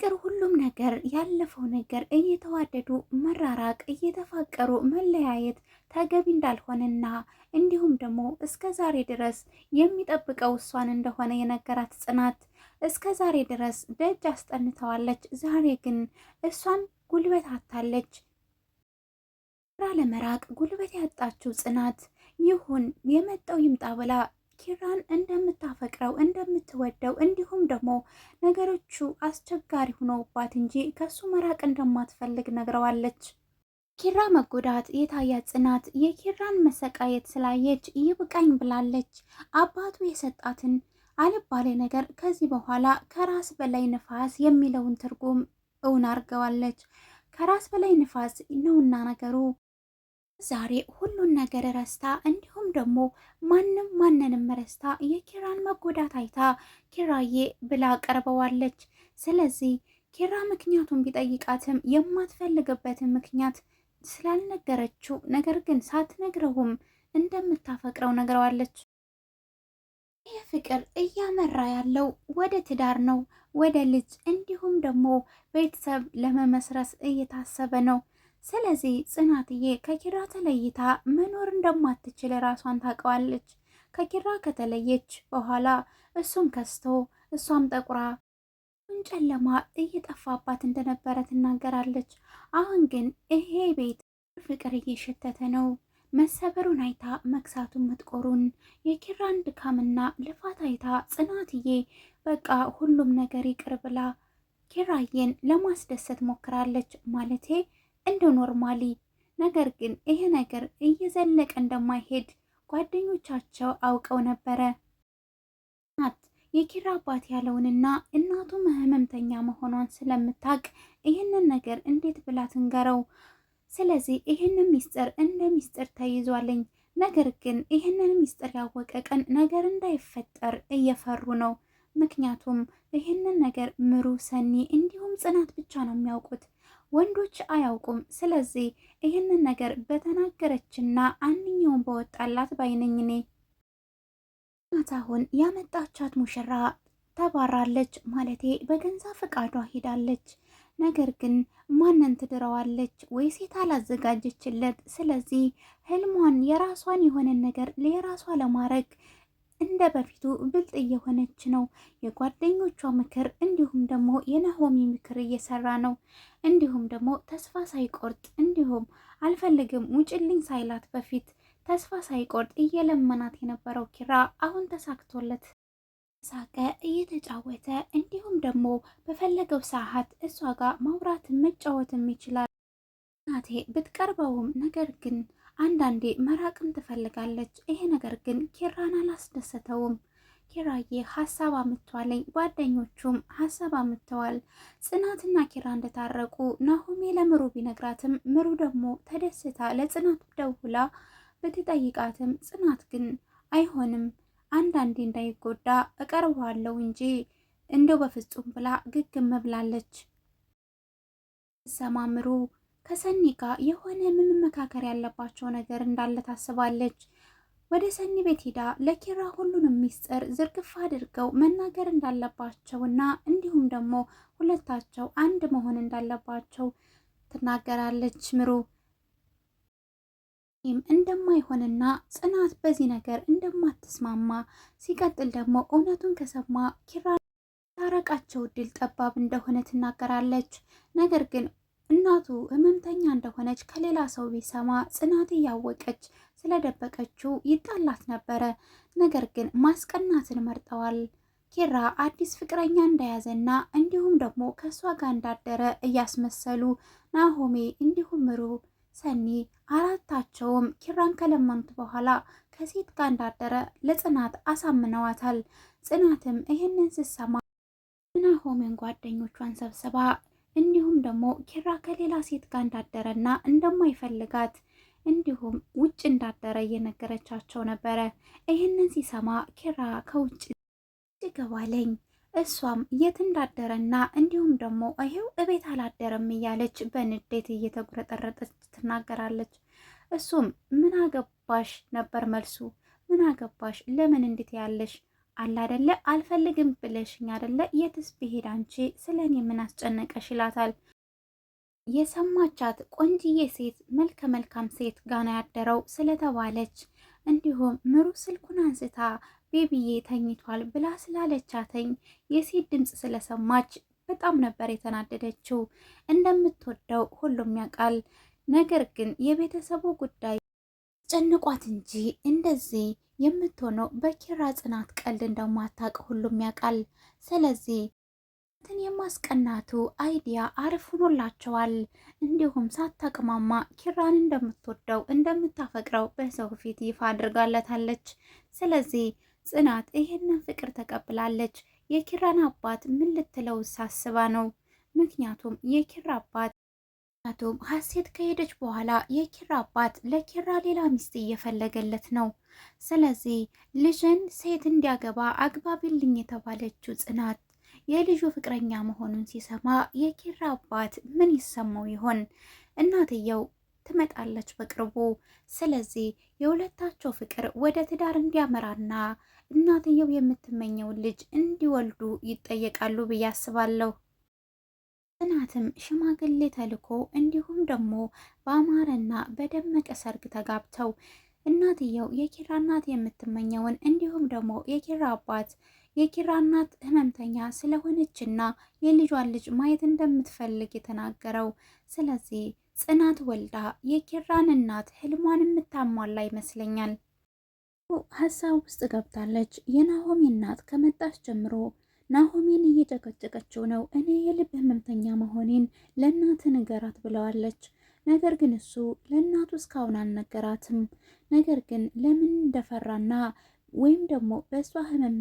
ፍቅር ሁሉም ነገር ያለፈው ነገር እየተዋደዱ መራራቅ እየተፋቀሩ መለያየት ተገቢ እንዳልሆነና እንዲሁም ደግሞ እስከ ዛሬ ድረስ የሚጠብቀው እሷን እንደሆነ የነገራት ጽናት እስከ ዛሬ ድረስ ደጅ አስጠንተዋለች። ዛሬ ግን እሷን ጉልበት አታለች። ራ ለመራቅ ጉልበት ያጣችው ጽናት ይሁን የመጣው ይምጣ ብላ ኪራን እንደምታፈቅረው እንደምትወደው እንዲሁም ደግሞ ነገሮቹ አስቸጋሪ ሆነውባት እንጂ ከሱ መራቅ እንደማትፈልግ ነግረዋለች። ኪራ መጎዳት የታያ ጽናት የኪራን መሰቃየት ስላየች ይብቃኝ ብላለች። አባቱ የሰጣትን አልባሌ ነገር ከዚህ በኋላ ከራስ በላይ ንፋስ የሚለውን ትርጉም እውን አድርገዋለች። ከራስ በላይ ንፋስ ነውና ነገሩ ዛሬ ሁሉን ነገር ረስታ እንዲ ደግሞ ማንም ማንንም ረስታ የኪራን መጎዳት አይታ ኪራዬ ብላ ቀርበዋለች። ስለዚህ ኪራ ምክንያቱን ቢጠይቃትም የማትፈልግበትን ምክንያት ስላልነገረችው ነገር ግን ሳትነግረውም እንደምታፈቅረው ነግረዋለች። ይህ ፍቅር እያመራ ያለው ወደ ትዳር ነው፣ ወደ ልጅ እንዲሁም ደግሞ ቤተሰብ ለመመስረት እየታሰበ ነው። ስለዚህ ጽናትዬ ከኪራ ተለይታ መኖር እንደማትችል ራሷን ታውቀዋለች። ከኪራ ከተለየች በኋላ እሱም ከስቶ እሷም ጠቁራ ጨለማ እየጠፋባት እንደነበረ ትናገራለች። አሁን ግን ይሄ ቤት ፍቅር እየሸተተ ነው። መሰበሩን አይታ መክሳቱን መጥቆሩን የኪራን ድካምና ልፋት አይታ ጽናትዬ በቃ ሁሉም ነገር ይቅር ብላ ኪራዬን ለማስደሰት ሞክራለች ማለቴ እንደ ኖርማሊ። ነገር ግን ይሄ ነገር እየዘለቀ እንደማይሄድ ጓደኞቻቸው አውቀው ነበረ። ናት የኪራ አባት ያለውንና እናቱ ህመምተኛ መሆኗን ስለምታውቅ ይህንን ነገር እንዴት ብላ ትንገረው? ስለዚህ ይህንን ሚስጥር እንደ ሚስጥር ተይዟለኝ። ነገር ግን ይህንን ሚስጥር ያወቀ ቀን ነገር እንዳይፈጠር እየፈሩ ነው። ምክንያቱም ይህንን ነገር ምሩ፣ ሰኒ እንዲሁም ጽናት ብቻ ነው የሚያውቁት። ወንዶች አያውቁም። ስለዚህ ይህንን ነገር በተናገረችና አንኛውን በወጣላት ባይነኝ እኔ ናት። አሁን ያመጣቻት ሙሽራ ተባራለች፣ ማለቴ በገንዛ ፈቃዷ ሄዳለች። ነገር ግን ማንን ትድረዋለች ወይ? ሴት አላዘጋጀችለት። ስለዚህ ህልሟን የራሷን የሆነን ነገር ለየራሷ ለማድረግ እንደ በፊቱ ብልጥ እየሆነች ነው። የጓደኞቿ ምክር እንዲሁም ደግሞ የናሆሚ ምክር እየሰራ ነው። እንዲሁም ደግሞ ተስፋ ሳይቆርጥ እንዲሁም አልፈልግም ውጭልኝ ሳይላት በፊት ተስፋ ሳይቆርጥ እየለመናት የነበረው ኪራ አሁን ተሳክቶለት ሳቀ እየተጫወተ እንዲሁም ደግሞ በፈለገው ሰዓት እሷ ጋር ማውራትን መጫወትም ይችላል። እናቴ ብትቀርበውም ነገር ግን አንዳንዴ መራቅም ትፈልጋለች። ይሄ ነገር ግን ኪራን አላስደሰተውም። ኪራዬ ሀሳብ አምጥቷለኝ፣ ጓደኞቹም ሀሳብ አምጥተዋል። ጽናትና ኪራ እንደታረቁ ናሆሜ ለምሩ ቢነግራትም ምሩ ደግሞ ተደስታ ለጽናት ደውላ ብትጠይቃትም ጽናት ግን አይሆንም አንዳንዴ እንዳይጎዳ እቀርበዋለሁ እንጂ እንደው በፍጹም ብላ ግግም ብላለች። ሰማምሩ ከሰኒ ጋር የሆነ መመካከር ያለባቸው ነገር እንዳለ ታስባለች። ወደ ሰኒ ቤት ሄዳ ለኪራ ሁሉንም ሚስጥር ዝርግፍ አድርገው መናገር እንዳለባቸው እና እንዲሁም ደግሞ ሁለታቸው አንድ መሆን እንዳለባቸው ትናገራለች። ምሩ እንደማይሆንና ጽናት በዚህ ነገር እንደማትስማማ ሲቀጥል ደግሞ እውነቱን ከሰማ ኪራ ታረቃቸው እድል ጠባብ እንደሆነ ትናገራለች። ነገር ግን እናቱ ህመምተኛ እንደሆነች ከሌላ ሰው ቢሰማ ጽናት እያወቀች ስለደበቀችው ይጣላት ነበረ። ነገር ግን ማስቀናትን መርጠዋል። ኬራ አዲስ ፍቅረኛ እንደያዘና እንዲሁም ደግሞ ከእሷ ጋር እንዳደረ እያስመሰሉ ናሆሜ እንዲሁም ምሩ ሰኒ አራታቸውም ኪራን ከለመኑት በኋላ ከሴት ጋር እንዳደረ ለጽናት አሳምነዋታል። ጽናትም ይህንን ስትሰማ ናሆሜን ጓደኞቿን ሰብስባ እንዲሁም ደግሞ ኪራ ከሌላ ሴት ጋር እንዳደረና እንደማይፈልጋት እንዲሁም ውጭ እንዳደረ እየነገረቻቸው ነበረ። ይህንን ሲሰማ ኪራ ከውጭ ገባለኝ። እሷም የት እንዳደረና እንዲሁም ደግሞ ይሄው እቤት አላደረም እያለች በንዴት እየተጉረጠረጠች ትናገራለች። እሱም ምን አገባሽ ነበር መልሱ። ምን አገባሽ ለምን እንዴት ያለሽ አለ አደለ አልፈልግም ብለሽኝ አደለ የትስ ብሄድ አንቺ ስለ እኔ ምን አስጨነቀሽ ይላታል። የሰማቻት ቆንጅዬ ሴት መልከ መልካም ሴት ጋና ያደረው ስለተባለች እንዲሁም ምሩ ስልኩን አንስታ ቤቢዬ ተኝቷል ብላ ስላለቻተኝ የሴት ድምፅ ስለሰማች በጣም ነበር የተናደደችው። እንደምትወደው ሁሉም ያውቃል። ነገር ግን የቤተሰቡ ጉዳይ ጨንቋት እንጂ እንደዚህ የምትሆነው በኪራ ጽናት ቀልድ እንደማታውቅ ሁሉም ያውቃል። ስለዚህ እንትን የማስቀናቱ አይዲያ አሪፍ ሆኖላቸዋል። እንዲሁም ሳታቅማማ ኪራን እንደምትወደው እንደምታፈቅረው በሰው ፊት ይፋ አድርጋለታለች። ስለዚህ ጽናት ይህንን ፍቅር ተቀብላለች። የኪራን አባት ምን ልትለው ሳስባ ነው? ምክንያቱም የኪራ አባት ምክንያቱም ሀሴት ከሄደች በኋላ የኪራ አባት ለኪራ ሌላ ሚስት እየፈለገለት ነው። ስለዚህ ልጅን ሴት እንዲያገባ አግባቢልኝ የተባለችው ጽናት የልጁ ፍቅረኛ መሆኑን ሲሰማ የኪራ አባት ምን ይሰማው ይሆን? እናትየው ትመጣለች በቅርቡ። ስለዚህ የሁለታቸው ፍቅር ወደ ትዳር እንዲያመራና እናትየው የምትመኘውን ልጅ እንዲወልዱ ይጠየቃሉ ብዬ አስባለሁ። ጽናትም ሽማግሌ ተልኮ እንዲሁም ደግሞ በአማረና በደመቀ ሰርግ ተጋብተው እናትየው የኪራ እናት የምትመኘውን እንዲሁም ደግሞ የኪራ አባት የኪራ እናት ህመምተኛ ስለሆነችና የልጇን ልጅ ማየት እንደምትፈልግ የተናገረው። ስለዚህ ጽናት ወልዳ የኪራን እናት ህልሟን የምታሟላ ይመስለኛል። ሀሳብ ውስጥ ገብታለች። የናሆሚ እናት ከመጣች ጀምሮ ናሆሜን እየጨቀጨቀችው ነው። እኔ የልብ ህመምተኛ መሆኔን ለእናት ንገራት ብለዋለች። ነገር ግን እሱ ለእናቱ እስካሁን አልነገራትም። ነገር ግን ለምን እንደፈራና ወይም ደግሞ በእሷ ህመም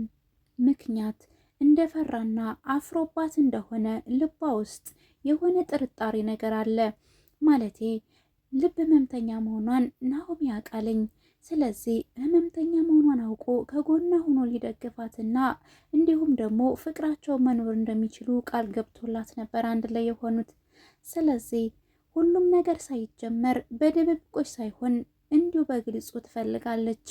ምክንያት እንደፈራና አፍሮባት እንደሆነ ልቧ ውስጥ የሆነ ጥርጣሬ ነገር አለ። ማለቴ ልብ ህመምተኛ መሆኗን ናሆሚ ያውቃለኝ ስለዚህ ህመምተኛ መሆኗን አውቆ ከጎኗ ሆኖ ሊደግፋትና እንዲሁም ደግሞ ፍቅራቸው መኖር እንደሚችሉ ቃል ገብቶላት ነበር አንድ ላይ የሆኑት። ስለዚህ ሁሉም ነገር ሳይጀመር በድብብቆች ሳይሆን እንዲሁ በግልጹ ትፈልጋለች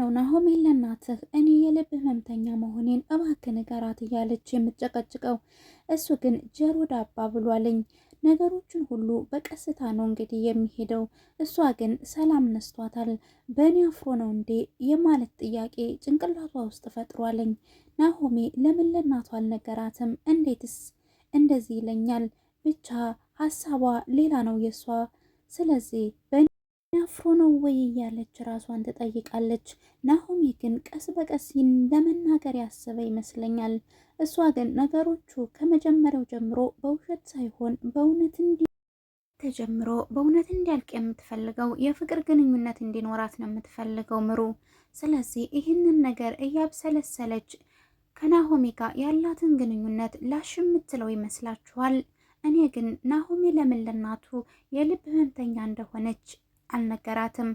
ነው ናሆሜ ለእናትህ እኔ የልብ ህመምተኛ መሆኔን እባክህ ንገራት እያለች የምትጨቀጭቀው እሱ ግን ጀሮ ዳባ ብሏልኝ ነገሮችን ሁሉ በቀስታ ነው እንግዲህ የሚሄደው። እሷ ግን ሰላም ነስቷታል። በእኔ አፍሮ ነው እንዴ የማለት ጥያቄ ጭንቅላቷ ውስጥ ፈጥሯለኝ። ናሆሜ ለምን ለእናቷ አልነገራትም? እንዴትስ እንደዚህ ይለኛል? ብቻ ሀሳቧ ሌላ ነው የእሷ። ስለዚህ አፍሮ ነው ወይ እያለች ራሷን ትጠይቃለች። ናሆሜ ግን ቀስ በቀስ ለመናገር ያሰበ ይመስለኛል። እሷ ግን ነገሮቹ ከመጀመሪያው ጀምሮ በውሸት ሳይሆን በእውነት እንዲ ተጀምሮ በእውነት እንዲያልቅ የምትፈልገው የፍቅር ግንኙነት እንዲኖራት ነው የምትፈልገው ምሩ። ስለዚህ ይህንን ነገር እያብሰለሰለች ከናሆሜ ጋር ያላትን ግንኙነት ላሽ የምትለው ይመስላችኋል? እኔ ግን ናሆሜ ለምን ለናቱ የልብ ህመምተኛ እንደሆነች አልነገራትም።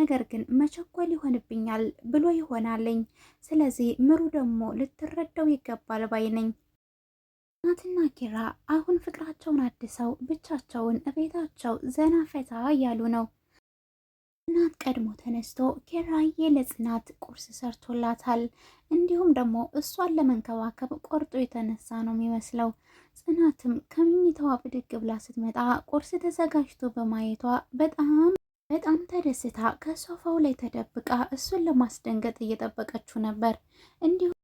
ነገር ግን መቸኮል ይሆንብኛል ብሎ ይሆናለኝ። ስለዚህ ምሩ ደግሞ ልትረዳው ይገባል ባይ ነኝ። ናትና ኪራ አሁን ፍቅራቸውን አድሰው ብቻቸውን እቤታቸው ዘና ፈታ እያሉ ነው። ናት ቀድሞ ተነስቶ ኪራዬ ለጽናት ቁርስ ሰርቶላታል። እንዲሁም ደግሞ እሷን ለመንከባከብ ቆርጦ የተነሳ ነው የሚመስለው። ጽናትም ከመኝታዋ ብድግ ብላ ስትመጣ ቁርስ ተዘጋጅቶ በማየቷ በጣም በጣም ተደስታ ከሶፋው ላይ ተደብቃ እሱን ለማስደንገጥ እየጠበቀችው ነበር። እንዲሁም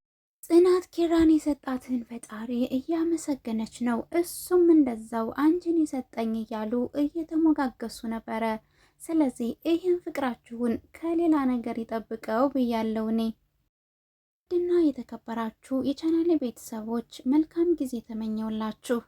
ጽናት ኪራን የሰጣትን ፈጣሪ እያመሰገነች ነው። እሱም እንደዛው አንቺን የሰጠኝ እያሉ እየተሞጋገሱ ነበረ። ስለዚህ ይህን ፍቅራችሁን ከሌላ ነገር ይጠብቀው ብያለው እኔ ድና የተከበራችሁ የቻናሌ ቤተሰቦች መልካም ጊዜ ተመኘውላችሁ።